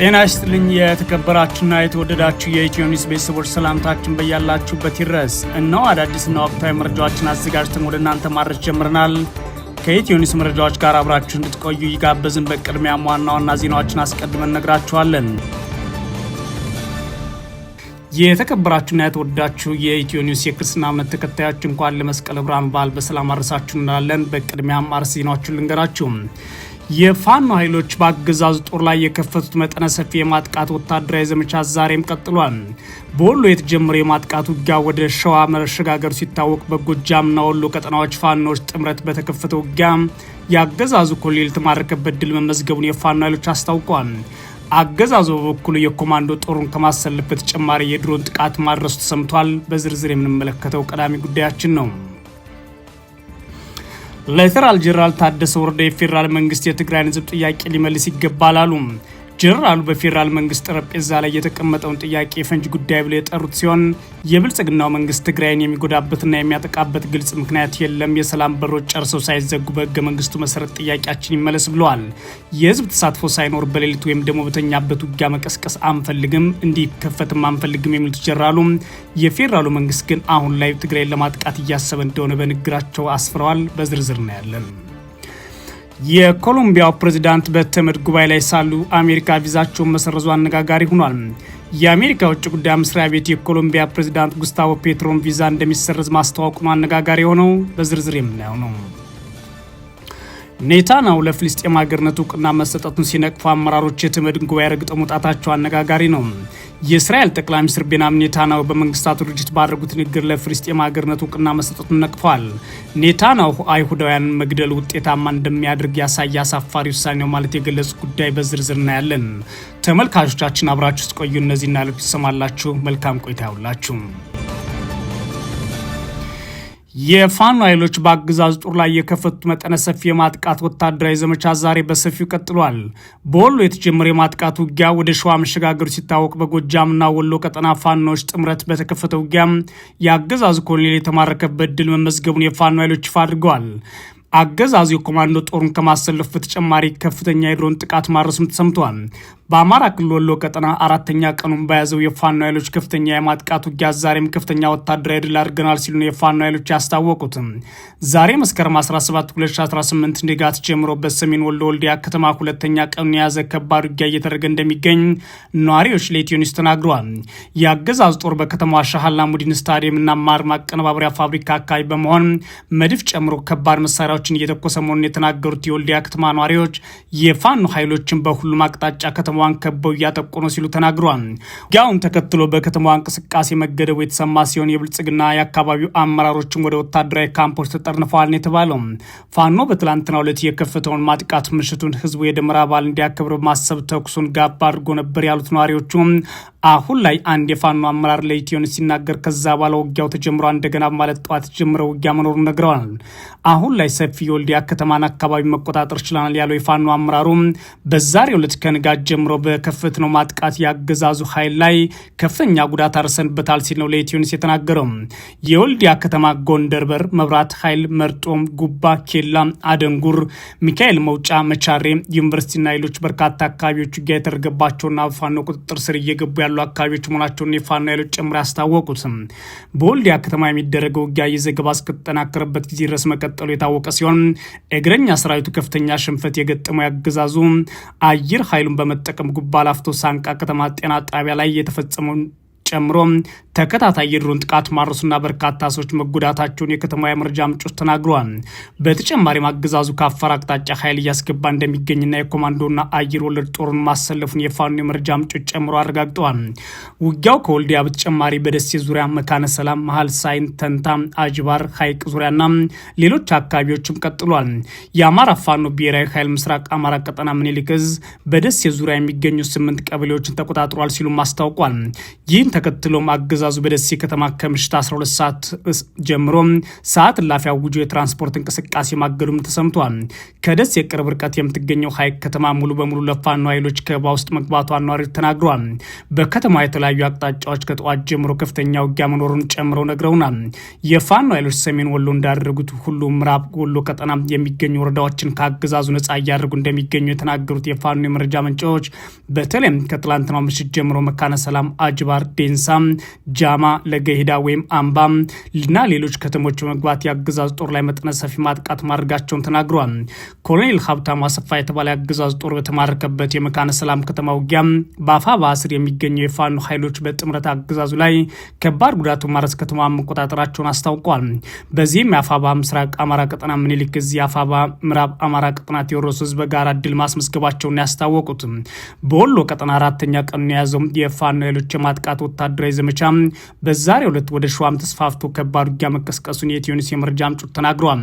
ጤና ይስጥልኝ የተከበራችሁና የተወደዳችሁ የኢትዮ ኒውስ ቤተሰቦች ሰላምታችን በያላችሁበት ይድረስ። እነሆ አዳዲስና ወቅታዊ መረጃዎችን አዘጋጅተን ወደ እናንተ ማድረስ ጀምረናል። ከኢትዮ ኒውስ መረጃዎች ጋር አብራችሁ እንድትቆዩ ይጋበዝን። በቅድሚያ ዋና ዋና ዜናዎችን አስቀድመን እነግራችኋለን። የተከበራችሁና የተወደዳችሁ የኢትዮ ኒውስ የክርስትና እምነት ተከታዮች እንኳን ለመስቀል ብርሃን በዓል በሰላም አድረሳችሁ እንላለን። በቅድሚያም አርዕስተ ዜናዎችን ልንገራችሁ። የፋኖ ኃይሎች በአገዛዙ ጦር ላይ የከፈቱት መጠነ ሰፊ የማጥቃት ወታደራዊ ዘመቻ ዛሬም ቀጥሏል። በወሎ የተጀመረው የማጥቃት ውጊያ ወደ ሸዋ መሸጋገሩ ሲታወቅ፣ በጎጃምና ወሎ ቀጠናዎች ፋኖዎች ጥምረት በተከፈተ ውጊያ የአገዛዙ ኮሎኔል የተማረከበት ድል መመዝገቡን የፋኖ ኃይሎች አስታውቋል። አገዛዙ በበኩሉ የኮማንዶ ጦሩን ከማሰለፍ በተጨማሪ የድሮን ጥቃት ማድረሱ ተሰምቷል። በዝርዝር የምንመለከተው ቀዳሚ ጉዳያችን ነው። ሌተናል ጄኔራል ታደሰ ወረደ የፌዴራል መንግስት የትግራይን ህዝብ ጥያቄ ሊመልስ ይገባል አሉ። ጀነራሉ በፌዴራል መንግስት ጠረጴዛ ላይ የተቀመጠውን ጥያቄ የፈንጅ ጉዳይ ብለው የጠሩት ሲሆን የብልጽግናው መንግስት ትግራይን የሚጎዳበትና የሚያጠቃበት ግልጽ ምክንያት የለም፣ የሰላም በሮች ጨርሰው ሳይዘጉ በህገ መንግስቱ መሰረት ጥያቄያችን ይመለስ ብለዋል። የህዝብ ተሳትፎ ሳይኖር በሌሊት ወይም ደግሞ በተኛበት ውጊያ መቀስቀስ አንፈልግም፣ እንዲከፈትም አንፈልግም የሚሉት ጀነራሉ የፌዴራሉ መንግስት ግን አሁን ላይ ትግራይን ለማጥቃት እያሰበ እንደሆነ በንግግራቸው አስፍረዋል። በዝርዝር እናያለን። ያለን። የኮሎምቢያው ፕሬዚዳንት በተመድ ጉባኤ ላይ ሳሉ አሜሪካ ቪዛቸውን መሰረዙ አነጋጋሪ ሆኗል። የአሜሪካ ውጭ ጉዳይ መስሪያ ቤት የኮሎምቢያ ፕሬዚዳንት ጉስታቮ ፔትሮን ቪዛ እንደሚሰረዝ ማስታወቁ ነው አነጋጋሪ የሆነው። በዝርዝር የምናየው ነው። ኔታናው ለፍልስጤም ሀገርነት እውቅና መሰጠቱን ሲነቅፉ አመራሮች የተመድን ጉባኤ ረግጠ መውጣታቸው አነጋጋሪ ነው። የእስራኤል ጠቅላይ ሚኒስትር ቤንያሚን ኔታንያሁ በመንግስታቱ ድርጅት ባደረጉት ንግግር ለፍልስጤም ሀገርነት እውቅና መሰጠቱን ነቅፏል ኔታናው አይሁዳውያንን መግደል ውጤታማ እንደሚያደርግ ያሳየ አሳፋሪ ውሳኔ ነው ማለት የገለጹ ጉዳይ በዝርዝር እናያለን። ተመልካቾቻችን አብራችሁ ስትቆዩ እነዚህና ሌሎች ትሰማላችሁ። መልካም ቆይታ ያውላችሁ። የፋኖ ኃይሎች በአገዛዝ ጦር ላይ የከፈቱት መጠነ ሰፊ የማጥቃት ወታደራዊ ዘመቻ ዛሬ በሰፊው ቀጥሏል። በወሎ የተጀመረ የማጥቃት ውጊያ ወደ ሸዋ መሸጋገሩ ሲታወቅ፣ በጎጃምና ወሎ ቀጠና ፋኖዎች ጥምረት በተከፈተ ውጊያ የአገዛዙ ኮሎኔል የተማረከበት ድል መመዝገቡን የፋኖ ኃይሎች ይፋ አድርገዋል። አገዛዙ የኮማንዶ ጦሩን ከማሰለፉ በተጨማሪ ከፍተኛ የድሮን ጥቃት ማድረሱም ተሰምቷል። በአማራ ክልል ወሎ ቀጠና አራተኛ ቀኑን በያዘው የፋኖ ኃይሎች ከፍተኛ የማጥቃት ውጊያ ዛሬም ከፍተኛ ወታደራዊ ድል አድርገናል ሲሉ የፋኖ ኃይሎች ያስታወቁትም። ዛሬ መስከረም 17 2018 ንጋት ጀምሮ በሰሜን ወሎ ወልዲያ ከተማ ሁለተኛ ቀኑን የያዘ ከባድ ውጊያ እየተደረገ እንደሚገኝ ነዋሪዎች ለኢትዮ ኒውስ ተናግረዋል። የአገዛዝ ጦር በከተማዋ ሻሃላ ሙዲን ስታዲየም ማር ማቀነባበሪያ ፋብሪካ አካባቢ በመሆን መድፍ ጨምሮ ከባድ መሳሪያዎችን እየተኮሰ መሆኑን የተናገሩት የወልዲያ ከተማ ነዋሪዎች የፋኖ ኃይሎችን በሁሉም አቅጣጫ ከተማ ከተማዋን ከበው እያጠቁ ነው ሲሉ ተናግረዋል። ውጊያውን ተከትሎ በከተማዋ እንቅስቃሴ መገደቡ የተሰማ ሲሆን የብልጽግና የአካባቢው አመራሮችም ወደ ወታደራዊ ካምፖች ተጠርንፈዋል ነው የተባለው። ፋኖ በትላንትናው ዕለት የከፈተውን ማጥቃት ምሽቱን ህዝቡ የደመራ በዓል እንዲያከብር ማሰብ ተኩሱን ጋብ አድርጎ ነበር ያሉት ነዋሪዎቹ አሁን ላይ አንድ የፋኖ አመራር ለኢትዮን ሲናገር ከዛ በኋላ ውጊያው ተጀምሮ እንደገና ማለት ጠዋት ጀምረ ውጊያ መኖሩን ነግረዋል። አሁን ላይ ሰፊ የወልዲያ ከተማን አካባቢ መቆጣጠር ችለናል ያለው የፋኖ አመራሩ በዛሬው ዕለት ከንጋት ጀምሮ በከፈትነው ማጥቃት ያገዛዙ ኃይል ላይ ከፍተኛ ጉዳት አርሰንበታል ሲል ነው ለኢትዮንስ የተናገረው። የወልዲያ ከተማ ጎንደርበር፣ መብራት ኃይል፣ መርጦም፣ ጉባ፣ ኬላ፣ አደንጉር፣ ሚካኤል መውጫ፣ መቻሬ ዩኒቨርሲቲና ሌሎች በርካታ አካባቢዎች ውጊያ የተደረገባቸውና ፋኖ ቁጥጥር ስር እየገቡ ያሉ ያሉ አካባቢዎች መሆናቸውን የፋኖ ኃይሎች ጭምር ያስታወቁትም። በወልዲያ ከተማ የሚደረገው ውጊያ የዘገባ እስከተጠናከረበት ጊዜ ድረስ መቀጠሉ የታወቀ ሲሆን እግረኛ ሰራዊቱ ከፍተኛ ሽንፈት የገጠመው ያገዛዙ አየር ኃይሉን በመጠቀም ጉባ ላፍቶ ሳንቃ ከተማ ጤና ጣቢያ ላይ የተፈጸመውን ጨምሮ ተከታታይ የድሮን ጥቃት ማድረሱና በርካታ ሰዎች መጎዳታቸውን የከተማ የመረጃ ምንጮች ተናግረዋል። በተጨማሪም አገዛዙ ከአፋር አቅጣጫ ኃይል እያስገባ እንደሚገኝና የኮማንዶና አየር ወለድ ጦሩን ማሰለፉን የፋኖ የመረጃ ምንጮች ጨምሮ አረጋግጠዋል። ውጊያው ከወልዲያ በተጨማሪ በደሴ ዙሪያ መካነ ሰላም፣ መሀል ሳይን፣ ተንታ፣ አጅባር፣ ሐይቅ ዙሪያና ሌሎች አካባቢዎችም ቀጥሏል። የአማራ ፋኖ ብሔራዊ ኃይል ምስራቅ አማራ ቀጠና ምኒልክ እዝ በደሴ ዙሪያ የሚገኙ ስምንት ቀበሌዎችን ተቆጣጥሯል ሲሉም አስታውቋል። ይህን ተከትሎም አገዛ አገዛዙ በደሴ ከተማ ከምሽት 12 ሰዓት ጀምሮ ሰዓት እላፊ አውጆ የትራንስፖርት እንቅስቃሴ ማገዱም ተሰምቷል። ከደሴ የቅርብ ርቀት የምትገኘው ሀይቅ ከተማ ሙሉ በሙሉ ለፋኖ ኃይሎች ከበባ ውስጥ መግባቷ ነዋሪዎች ተናግረዋል። በከተማ የተለያዩ አቅጣጫዎች ከጠዋት ጀምሮ ከፍተኛ ውጊያ መኖሩን ጨምረው ነግረውናል። የፋኖ ኃይሎች ሰሜን ወሎ እንዳደረጉት ሁሉ ምዕራብ ወሎ ቀጠና የሚገኙ ወረዳዎችን ከአገዛዙ ነጻ እያደረጉ እንደሚገኙ የተናገሩት የፋኖ የመረጃ መንጫዎች በተለይም ከትላንትናው ምሽት ጀምሮ መካነ ሰላም፣ አጅባር፣ ዴንሳ፣ ጃማ፣ ለገሂዳ ወይም አምባ እና ሌሎች ከተሞች በመግባት የአገዛዝ ጦር ላይ መጠነ ሰፊ ማጥቃት ማድረጋቸውን ተናግረዋል። ኮሎኔል ሀብታሙ አሰፋ የተባለ የአገዛዝ ጦር በተማረከበት የመካነ ሰላም ከተማ ውጊያ በአፋ በአስር የሚገኙ የፋኖ ኃይሎች በጥምረት አገዛዙ ላይ ከባድ ጉዳቱ ማረስ ከተማ መቆጣጠራቸውን አስታውቋል። በዚህም የአፋባ ምስራቅ አማራ ቀጠና ምኒልክ እዚህ የአፋባ ምዕራብ አማራ ቀጠና ቴዎድሮስ ህዝብ በጋራ ድል ማስመዝገባቸውን ያስታወቁት በወሎ ቀጠና አራተኛ ቀኑን የያዘው የፋኖ ኃይሎች የማጥቃት ወታደራዊ ዘመቻ በዛሬው ዕለት ወደ ሸዋም ተስፋፍቶ ከባድ ውጊያ መቀስቀሱን የትዮኒስ የመረጃ ምንጮች ተናግረዋል።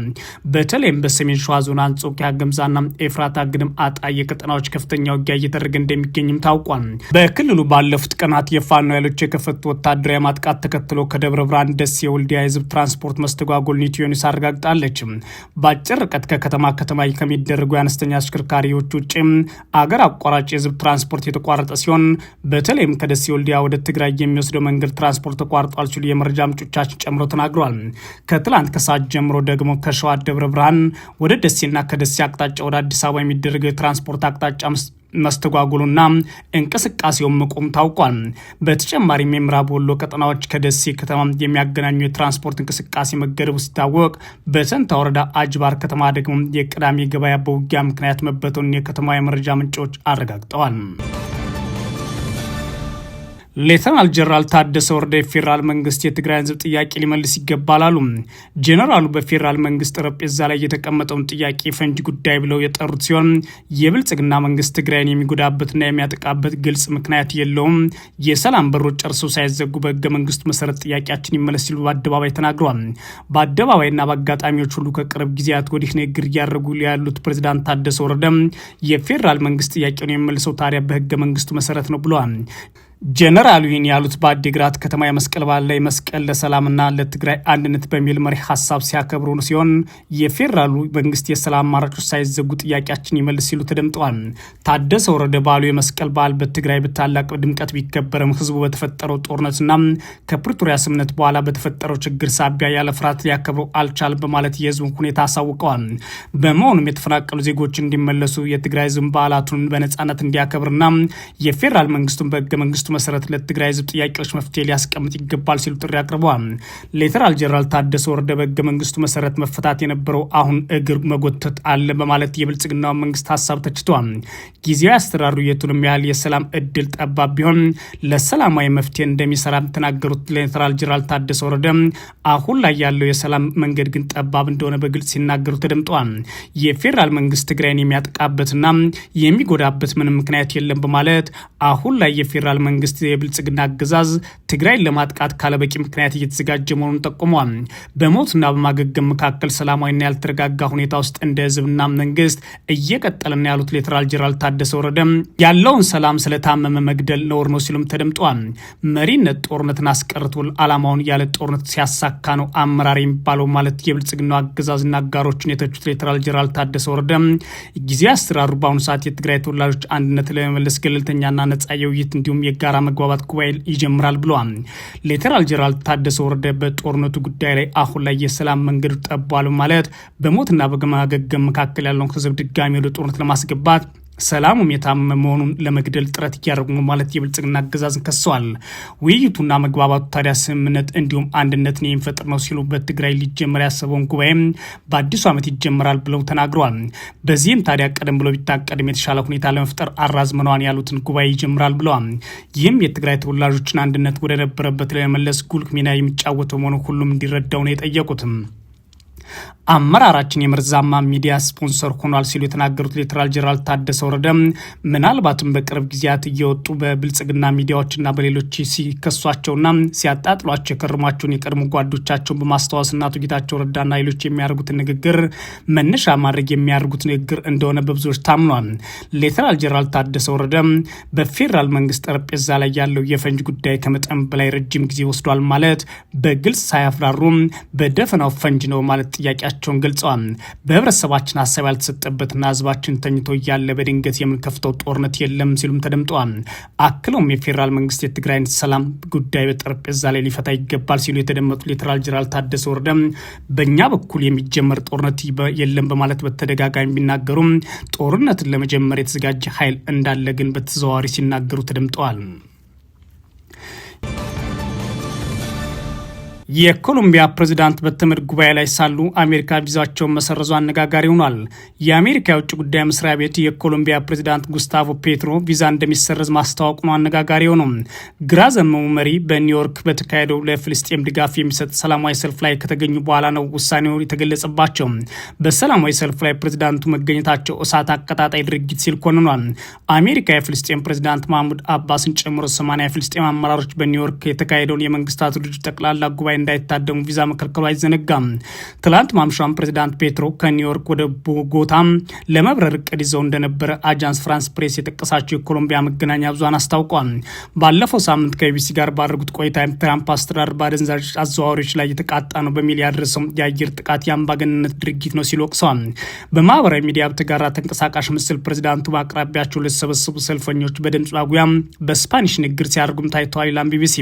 በተለይም በሰሜን ሸዋ ዞን አንጾኪያ፣ ገምዛና ኤፍራት አግድም አጣዬ ቀጠናዎች ከፍተኛ ውጊያ እየተደረገ እንደሚገኝም ታውቋል። በክልሉ ባለፉት ቀናት የፋኖ ኃይሎች የከፈቱ ወታደራዊ ማጥቃት ተከትሎ ከደብረ ብርሃን ደሴ የወልዲያ የህዝብ ትራንስፖርት መስተጓጎልን ኢትዮኒስ አረጋግጣለች። በአጭር ርቀት ከከተማ ከተማ ከሚደረጉ የአነስተኛ አሽከርካሪዎች ውጭ አገር አቋራጭ የህዝብ ትራንስፖርት የተቋረጠ ሲሆን በተለይም ከደሴ ወልዲያ ወደ ትግራይ የሚወስደው መንገድ ትራንስፖርት ተቋርጧል ሲሉ የመረጃ ምንጮቻችን ጨምሮ ተናግረዋል። ከትላንት ከሰዓት ጀምሮ ደግሞ ከሸዋ ደብረ ብርሃን ወደ ደሴና ከደሴ አቅጣጫ ወደ አዲስ አበባ የሚደረገው የትራንስፖርት አቅጣጫ መስተጓጉሉና እንቅስቃሴውን መቆም ታውቋል። በተጨማሪም የምዕራብ ወሎ ቀጠናዎች ከደሴ ከተማ የሚያገናኙ የትራንስፖርት እንቅስቃሴ መገደቡ ሲታወቅ፣ በሰንታ ወረዳ አጅባር ከተማ ደግሞ የቅዳሜ ገበያ በውጊያ ምክንያት መበተኑን የከተማ የመረጃ ምንጮች አረጋግጠዋል። ሌተናል ጀነራል ታደሰ ወረደ የፌዴራል መንግስት የትግራይን ህዝብ ጥያቄ ሊመልስ ይገባል አሉ። ጀነራሉ በፌዴራል መንግስት ጠረጴዛ ላይ የተቀመጠውን ጥያቄ የፈንጅ ጉዳይ ብለው የጠሩት ሲሆን የብልጽግና መንግስት ትግራይን የሚጎዳበትና የሚያጠቃበት ግልጽ ምክንያት የለውም፣ የሰላም በሮች ጨርሰው ሳይዘጉ በህገ መንግስቱ መሰረት ጥያቄያችን ይመለስ ሲሉ በአደባባይ ተናግረዋል። በአደባባይና በአጋጣሚዎች ሁሉ ከቅርብ ጊዜያት ወዲህ ንግግር እያደረጉ ያሉት ፕሬዚዳንት ታደሰ ወረደ የፌዴራል መንግስት ጥያቄውን የሚመልሰው ታዲያ በህገ መንግስቱ መሰረት ነው ብለዋል። ጀነራል ይህን ያሉት በአዲግራት ከተማ የመስቀል በዓል ላይ መስቀል ለሰላምና ለትግራይ አንድነት በሚል መሪ ሀሳብ ሲያከብሩ ሲሆን የፌዴራሉ መንግስት የሰላም አማራጮች ሳይዘጉ ጥያቄያችን ይመልስ ሲሉ ተደምጠዋል። ታደሰ ወረደ በዓሉ የመስቀል በዓል በትግራይ በታላቅ ድምቀት ቢከበርም ህዝቡ በተፈጠረው ጦርነትና ከፕሪቶሪያ ስምምነት በኋላ በተፈጠረው ችግር ሳቢያ ያለ ፍርሃት ሊያከብረው አልቻልም በማለት የህዝቡን ሁኔታ አሳውቀዋል። በመሆኑም የተፈናቀሉ ዜጎች እንዲመለሱ የትግራይ ህዝብ በዓላቱን በነጻነት እንዲያከብርና የፌዴራል መንግስቱን በህገ መንግስቱ መሰረት ለትግራይ ህዝብ ጥያቄዎች መፍትሄ ሊያስቀምጥ ይገባል ሲሉ ጥሪ አቅርበዋል። ሌተናል ጀነራል ታደሰ ወረደ በህገ መንግስቱ መሰረት መፈታት የነበረው አሁን እግር መጎተት አለ በማለት የብልጽግናው መንግስት ሀሳብ ተችቷል። ጊዜያዊ አስተዳደሩ የቱንም ያህል የሰላም እድል ጠባብ ቢሆን ለሰላማዊ መፍትሄ እንደሚሰራ ተናገሩት። ሌተናል ጀነራል ታደሰ ወረደ አሁን ላይ ያለው የሰላም መንገድ ግን ጠባብ እንደሆነ በግልጽ ሲናገሩ ተደምጠዋል። የፌዴራል መንግስት ትግራይን የሚያጠቃበትና የሚጎዳበት ምንም ምክንያት የለም በማለት አሁን ላይ የፌዴራል መንግስት መንግስት የብልጽግና አገዛዝ ትግራይን ለማጥቃት ካለበቂ ምክንያት እየተዘጋጀ መሆኑን ጠቁመዋል። በሞትና በማገገም መካከል ሰላማዊና ያልተረጋጋ ሁኔታ ውስጥ እንደ ህዝብና መንግስት እየቀጠለና ያሉት ሌተናል ጄኔራል ታደሰ ወረደ ያለውን ሰላም ስለታመመ መግደል ነውር ነው ሲሉም ተደምጠዋል። መሪነት ጦርነትን አስቀርቶ አላማውን ያለ ጦርነት ሲያሳካ ነው አመራር የሚባለው ማለት የብልጽግናው አገዛዝና አጋሮችን የተቹት ሌተናል ጄኔራል ታደሰ ወረደ ጊዜ አሰራሩ በአሁኑ ሰዓት የትግራይ ተወላጆች አንድነት ለመመለስ ገለልተኛና ነጻ የውይይት እንዲሁም የጋራ መግባባት ጉባኤ ይጀምራል ብሏል። ሌተናል ጄኔራል ታደሰ ወረደ በጦርነቱ ጉዳይ ላይ አሁን ላይ የሰላም መንገድ ጠቧል ማለት በሞትና በማገገም መካከል ያለውን ህዝብ ድጋሚ ወደ ጦርነት ለማስገባት ሰላሙም የታመመ መሆኑን ለመግደል ጥረት እያደረጉ ነው ማለት የብልጽግና አገዛዝን ከሰዋል። ውይይቱና መግባባቱ ታዲያ ስምምነት እንዲሁም አንድነትን የሚፈጥር ነው ሲሉ በትግራይ ሊጀመር ያሰበውን ጉባኤም በአዲሱ ዓመት ይጀምራል ብለው ተናግረዋል። በዚህም ታዲያ ቀደም ብሎ ቢታቀድም የተሻለ ሁኔታ ለመፍጠር አራዝመነዋን ያሉትን ጉባኤ ይጀምራል ብለዋል። ይህም የትግራይ ተወላጆችን አንድነት ወደ ነበረበት ለመመለስ ጉልህ ሚና የሚጫወተው መሆኑ ሁሉም እንዲረዳው ነው የጠየቁትም። አመራራችን የመርዛማ ሚዲያ ስፖንሰር ሆኗል ሲሉ የተናገሩት ሌተናል ጄኔራል ታደሰ ወረደ ምናልባትም በቅርብ ጊዜያት እየወጡ በብልጽግና ሚዲያዎችና በሌሎች ሲከሷቸውና ሲያጣጥሏቸው የከረሟቸውን የቀድሞ ጓዶቻቸውን በማስታወስ እናቶ ጌታቸው ረዳና ሌሎች የሚያደርጉትን ንግግር መነሻ ማድረግ የሚያደርጉት ንግግር እንደሆነ በብዙዎች ታምኗል። ሌተናል ጄኔራል ታደሰ ወረደ በፌዴራል መንግስት ጠረጴዛ ላይ ያለው የፈንጅ ጉዳይ ከመጠን በላይ ረጅም ጊዜ ወስዷል ማለት በግልጽ ሳያፍራሩ በደፈናው ፈንጅ ነው ማለት ጥያቄ መሆናቸውን ገልጸዋል። በህብረተሰባችን ሀሳብ ያልተሰጠበትና ህዝባችን ተኝቶ እያለ በድንገት የምንከፍተው ጦርነት የለም ሲሉም ተደምጠዋል። አክለውም የፌዴራል መንግስት የትግራይን ሰላም ጉዳይ በጠረጴዛ ላይ ሊፈታ ይገባል ሲሉ የተደመጡ ሌተናል ጀነራል ታደሰ ወረደም በእኛ በኩል የሚጀመር ጦርነት የለም በማለት በተደጋጋሚ ቢናገሩም ጦርነትን ለመጀመር የተዘጋጀ ኃይል እንዳለ ግን በተዘዋዋሪ ሲናገሩ ተደምጠዋል። የኮሎምቢያ ፕሬዚዳንት በተመድ ጉባኤ ላይ ሳሉ አሜሪካ ቪዛቸውን መሰረዙ አነጋጋሪ ሆኗል። የአሜሪካ የውጭ ጉዳይ መስሪያ ቤት የኮሎምቢያ ፕሬዚዳንት ጉስታቮ ፔትሮ ቪዛ እንደሚሰረዝ ማስታወቁ ነው አነጋጋሪ ሆኖ ግራ ዘመሙ መሪ በኒውዮርክ በተካሄደው ለፍልስጤም ድጋፍ የሚሰጥ ሰላማዊ ሰልፍ ላይ ከተገኙ በኋላ ነው ውሳኔው የተገለጸባቸው። በሰላማዊ ሰልፍ ላይ ፕሬዚዳንቱ መገኘታቸው እሳት አቀጣጣይ ድርጊት ሲል ኮንኗል። አሜሪካ የፍልስጤም ፕሬዚዳንት ማህሙድ አባስን ጨምሮ ሰማንያ የፍልስጤም አመራሮች በኒውዮርክ የተካሄደውን የመንግስታቱ ድርጅት ጠቅላላ ጉባኤ እንዳይታደሙ ቪዛ መከልከሉ አይዘነጋም። ትላንት ማምሻም ፕሬዚዳንት ፔትሮ ከኒውዮርክ ወደ ቦጎታ ለመብረር እቅድ ይዘው እንደነበረ አጃንስ ፍራንስ ፕሬስ የጠቀሳቸው የኮሎምቢያ መገናኛ ብዙሃን አስታውቋል። ባለፈው ሳምንት ከቢቢሲ ጋር ባደረጉት ቆይታ ትራምፕ አስተዳደር በአደንዛዥ አዘዋዋሪዎች ላይ የተቃጣ ነው በሚል ያደረሰው የአየር ጥቃት የአምባገነንነት ድርጊት ነው ሲሉ ወቅሰዋል። በማህበራዊ ሚዲያ በተጋራ ተንቀሳቃሽ ምስል ፕሬዚዳንቱ በአቅራቢያቸው ለተሰበሰቡ ሰልፈኞች በድምፅ ማጉያም በስፓኒሽ ንግግር ሲያደርጉም ታይተዋል። ላም ቢቢሲ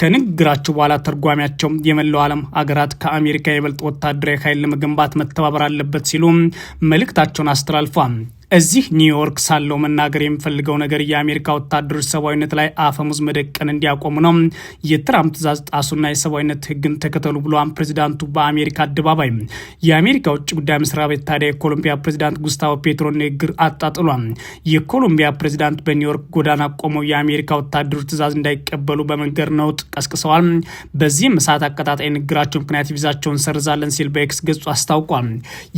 ከንግግራቸው በኋላ ተርጓሚያቸው በመሆናቸው የመላው ዓለም አገራት ከአሜሪካ የበልጥ ወታደራዊ ኃይል ለመገንባት መተባበር አለበት ሲሉ መልእክታቸውን አስተላልፏል። እዚህ ኒውዮርክ ሳለው መናገር የምፈልገው ነገር የአሜሪካ ወታደሮች ሰብአዊነት ላይ አፈሙዝ መደቀን እንዲያቆሙ ነው። የትራምፕ ትእዛዝ ጣሱና የሰብአዊነት ህግን ተከተሉ ብሏን ፕሬዚዳንቱ በአሜሪካ አደባባይ። የአሜሪካ ውጭ ጉዳይ መስሪያ ቤት ታዲያ የኮሎምቢያ ፕሬዚዳንት ጉስታቮ ፔትሮ ንግግር አጣጥሏል። የኮሎምቢያ ፕሬዚዳንት በኒውዮርክ ጎዳና ቆመው የአሜሪካ ወታደሮች ትእዛዝ እንዳይቀበሉ በመንገድ ነውጥ ቀስቅሰዋል። በዚህም እሳት አቀጣጣይ ንግግራቸው ምክንያት ቪዛቸውን ሰርዛለን ሲል በኤክስ ገጹ አስታውቋል።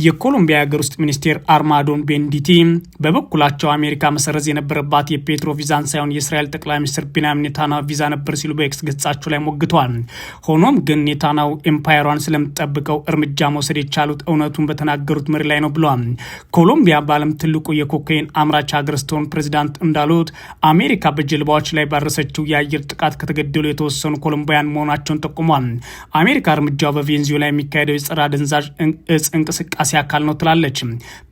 የኮሎምቢያ የሀገር ውስጥ ሚኒስቴር አርማዶን ቤንዲቲ በበኩላቸው አሜሪካ መሰረዝ የነበረባት የፔትሮ ቪዛን ሳይሆን የእስራኤል ጠቅላይ ሚኒስትር ቢንያሚን ኔታናው ቪዛ ነበር ሲሉ በኤክስ ገጻቸው ላይ ሞግተዋል። ሆኖም ግን ኔታናው ኤምፓየሯን ስለምጠብቀው እርምጃ መውሰድ የቻሉት እውነቱን በተናገሩት መሪ ላይ ነው ብለዋል። ኮሎምቢያ በዓለም ትልቁ የኮካይን አምራች ሀገር ስትሆን ፕሬዚዳንት እንዳሉት አሜሪካ በጀልባዎች ላይ ባረሰችው የአየር ጥቃት ከተገደሉ የተወሰኑ ኮሎምቢያን መሆናቸውን ጠቁሟል። አሜሪካ እርምጃው ላይ የሚካሄደው የጸረ አደንዛዥ እጽ እንቅስቃሴ አካል ነው ትላለች።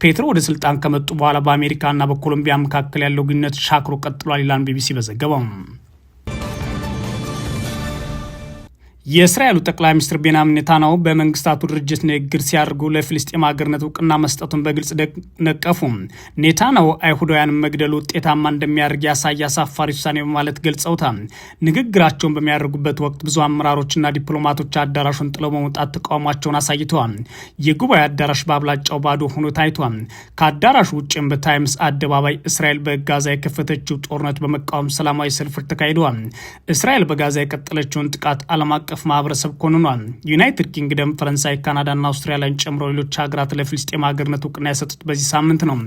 ፔትሮ ወደ ስልጣን ከመጡ በኋላ በአሜሪካና በኮሎምቢያ መካከል ያለው ግንኙነት ሻክሮ ቀጥሏል ይላል ቢቢሲ በዘገበው። የእስራኤሉ ጠቅላይ ሚኒስትር ቤንያሚን ኔታናው በመንግስታቱ ድርጅት ንግግር ሲያደርጉ ለፊልስጤም ሀገርነት እውቅና መስጠቱን በግልጽ ነቀፉ። ኔታናው አይሁዳውያን መግደል ውጤታማ እንደሚያደርግ ያሳየ አሳፋሪ ውሳኔ በማለት ገልጸውታል። ንግግራቸውን በሚያደርጉበት ወቅት ብዙ አመራሮችና ዲፕሎማቶች አዳራሹን ጥለው በመውጣት ተቃውሟቸውን አሳይተዋል። የጉባኤ አዳራሽ በአብላጫው ባዶ ሆኖ ታይቷል። ከአዳራሹ ውጭም በታይምስ አደባባይ እስራኤል በጋዛ የከፈተችው ጦርነት በመቃወም ሰላማዊ ሰልፍ ተካሂደዋል። እስራኤል በጋዛ የቀጠለችውን ጥቃት አለም አቀፍ አቀፍ ማህበረሰብ ኮንኗል። ዩናይትድ ኪንግደም፣ ፈረንሳይ፣ ካናዳና አውስትራሊያን ጨምሮ ሌሎች ሀገራት ለፊልስጤም ሀገርነት እውቅና የሰጡት በዚህ ሳምንት ነው።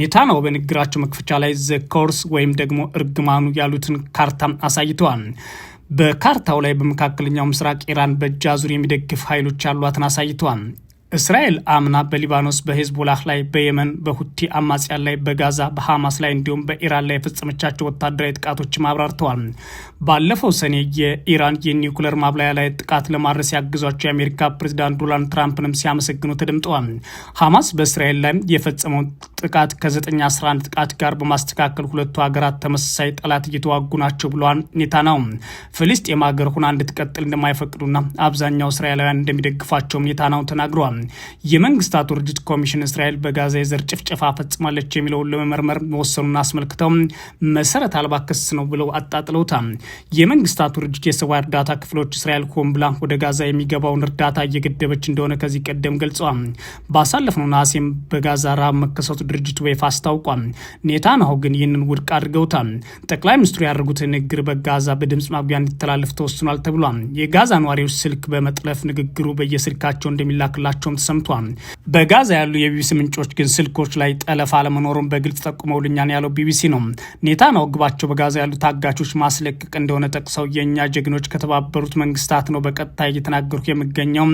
ኔታንያሁ በንግግራቸው መክፈቻ ላይ ዘ ኮርስ ወይም ደግሞ እርግማኑ ያሉትን ካርታ አሳይተዋል። በካርታው ላይ በመካከለኛው ምስራቅ ኢራን በእጅ አዙር የሚደግፍ ኃይሎች ያሏትን አሳይተዋል። እስራኤል አምና በሊባኖስ በሄዝቦላህ ላይ በየመን በሁቲ አማጽያን ላይ በጋዛ በሐማስ ላይ እንዲሁም በኢራን ላይ የፈጸመቻቸው ወታደራዊ ጥቃቶችም አብራርተዋል። ባለፈው ሰኔ የኢራን የኒውክለር ማብላያ ላይ ጥቃት ለማድረስ ያግዟቸው የአሜሪካ ፕሬዚዳንት ዶናልድ ትራምፕንም ሲያመሰግኑ ተደምጠዋል። ሐማስ በእስራኤል ላይ የፈጸመው ጥቃት ከ911 ጥቃት ጋር በማስተካከል ሁለቱ ሀገራት ተመሳሳይ ጠላት እየተዋጉ ናቸው ብለዋል ኔታንያሁ። ፍልስጤም ሀገር ሆና እንድትቀጥል እንደማይፈቅዱና አብዛኛው እስራኤላውያን እንደሚደግፋቸውም ነው ተናግረዋል። የመንግስታቱ ድርጅት ኮሚሽን እስራኤል በጋዛ የዘር ጭፍጨፋ ፈጽማለች የሚለውን ለመመርመር መወሰኑን አስመልክተው መሰረት አልባ ክስ ነው ብለው አጣጥለውታል። የመንግስታቱ ድርጅት የሰብአዊ እርዳታ ክፍሎች እስራኤል ሆን ብላ ወደ ጋዛ የሚገባውን እርዳታ እየገደበች እንደሆነ ከዚህ ቀደም ገልጸዋል። ባሳለፍነው ነሐሴም በጋዛ ረሃብ መከሰቱ ድርጅቱ በይፋ አስታውቋል። ኔታንያሁ ግን ይህንን ውድቅ አድርገውታል። ጠቅላይ ሚኒስትሩ ያደርጉት ንግግር በጋዛ በድምፅ ማጉያ እንዲተላለፍ ተወስኗል ተብሏል። የጋዛ ነዋሪዎች ስልክ በመጥለፍ ንግግሩ በየስልካቸው እንደሚላክላቸው መሆናቸውም ተሰምቷል። በጋዛ ያሉ የቢቢሲ ምንጮች ግን ስልኮች ላይ ጠለፋ አለመኖሩን በግልጽ ጠቁመውልኛል ያለው ቢቢሲ ነው። ኔታንያሁ ግባቸው በጋዛ ያሉ ታጋቾች ማስለቀቅ እንደሆነ ጠቅሰው የእኛ ጀግኖች ከተባበሩት መንግስታት ነው በቀጥታ እየተናገርኩ የምገኘው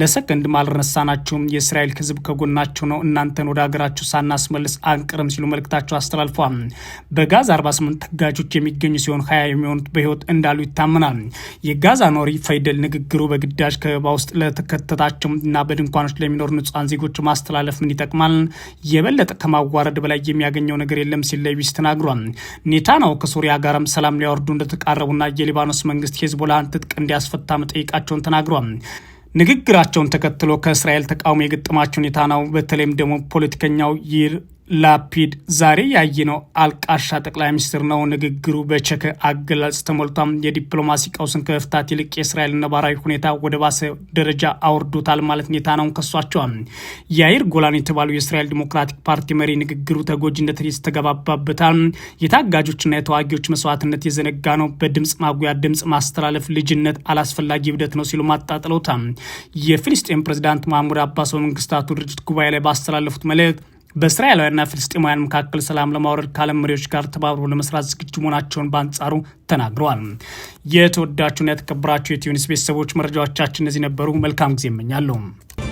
ለሰከንድ አልረሳናቸውም። የእስራኤል ህዝብ ከጎናቸው ነው። እናንተን ወደ ሀገራቸው ሳናስመልስ አንቅርም ሲሉ መልእክታቸው አስተላልፏል። በጋዛ 48 ታጋቾች የሚገኙ ሲሆን ሀያ የሚሆኑት በህይወት እንዳሉ ይታመናል። የጋዛ ኖሪ ፈይደል ንግግሩ በግዳጅ ከበባ ውስጥ ለተከተታቸው እና በድንኳ ድንኳኖች ላይ ንጹሐን ዜጎች ማስተላለፍ ምን ይጠቅማል? የበለጠ ከማዋረድ በላይ የሚያገኘው ነገር የለም ሲል ሌዊስ ተናግሯል። ኔታናው ከሶሪያ ጋርም ሰላም ሊያወርዱ እንደተቃረቡና የሊባኖስ መንግስት ሄዝቦላን ትጥቅ እንዲያስፈታ መጠየቃቸውን ተናግሯል። ንግግራቸውን ተከትሎ ከእስራኤል ተቃውሞ የገጠማቸው ኔታናው በተለይም ደግሞ ፖለቲከኛው ይር ላፒድ ዛሬ ያየነው አልቃሻ ጠቅላይ ሚኒስትር ነው። ንግግሩ በቼክ አገላለጽ ተሞልቷም የዲፕሎማሲ ቀውስን ከመፍታት ይልቅ የእስራኤል ነባራዊ ሁኔታ ወደ ባሰ ደረጃ አውርዶታል ማለት ኔታ ነው ከሷቸዋል። የአይር ጎላን የተባሉ የእስራኤል ዲሞክራቲክ ፓርቲ መሪ ንግግሩ ተጎጂነት ይስተገባባበታል። የታጋጆችና የተዋጊዎች መስዋዕትነት የዘነጋ ነው። በድምፅ ማጉያ ድምፅ ማስተላለፍ ልጅነት አላስፈላጊ እብደት ነው ሲሉ ማጣጥለውታል። የፊልስጤን ፕሬዚዳንት ማህሙድ አባስ በመንግስታቱ ድርጅት ጉባኤ ላይ ባስተላለፉት መልእክት በእስራኤላውያንና ፍልስጤማውያን መካከል ሰላም ለማውረድ ከዓለም መሪዎች ጋር ተባብሮ ለመስራት ዝግጁ መሆናቸውን በአንጻሩ ተናግረዋል። የተወዳችሁና የተከበራችሁ የትዩኒስ ቤተሰቦች መረጃዎቻችን እነዚህ ነበሩ። መልካም ጊዜ እመኛለሁ።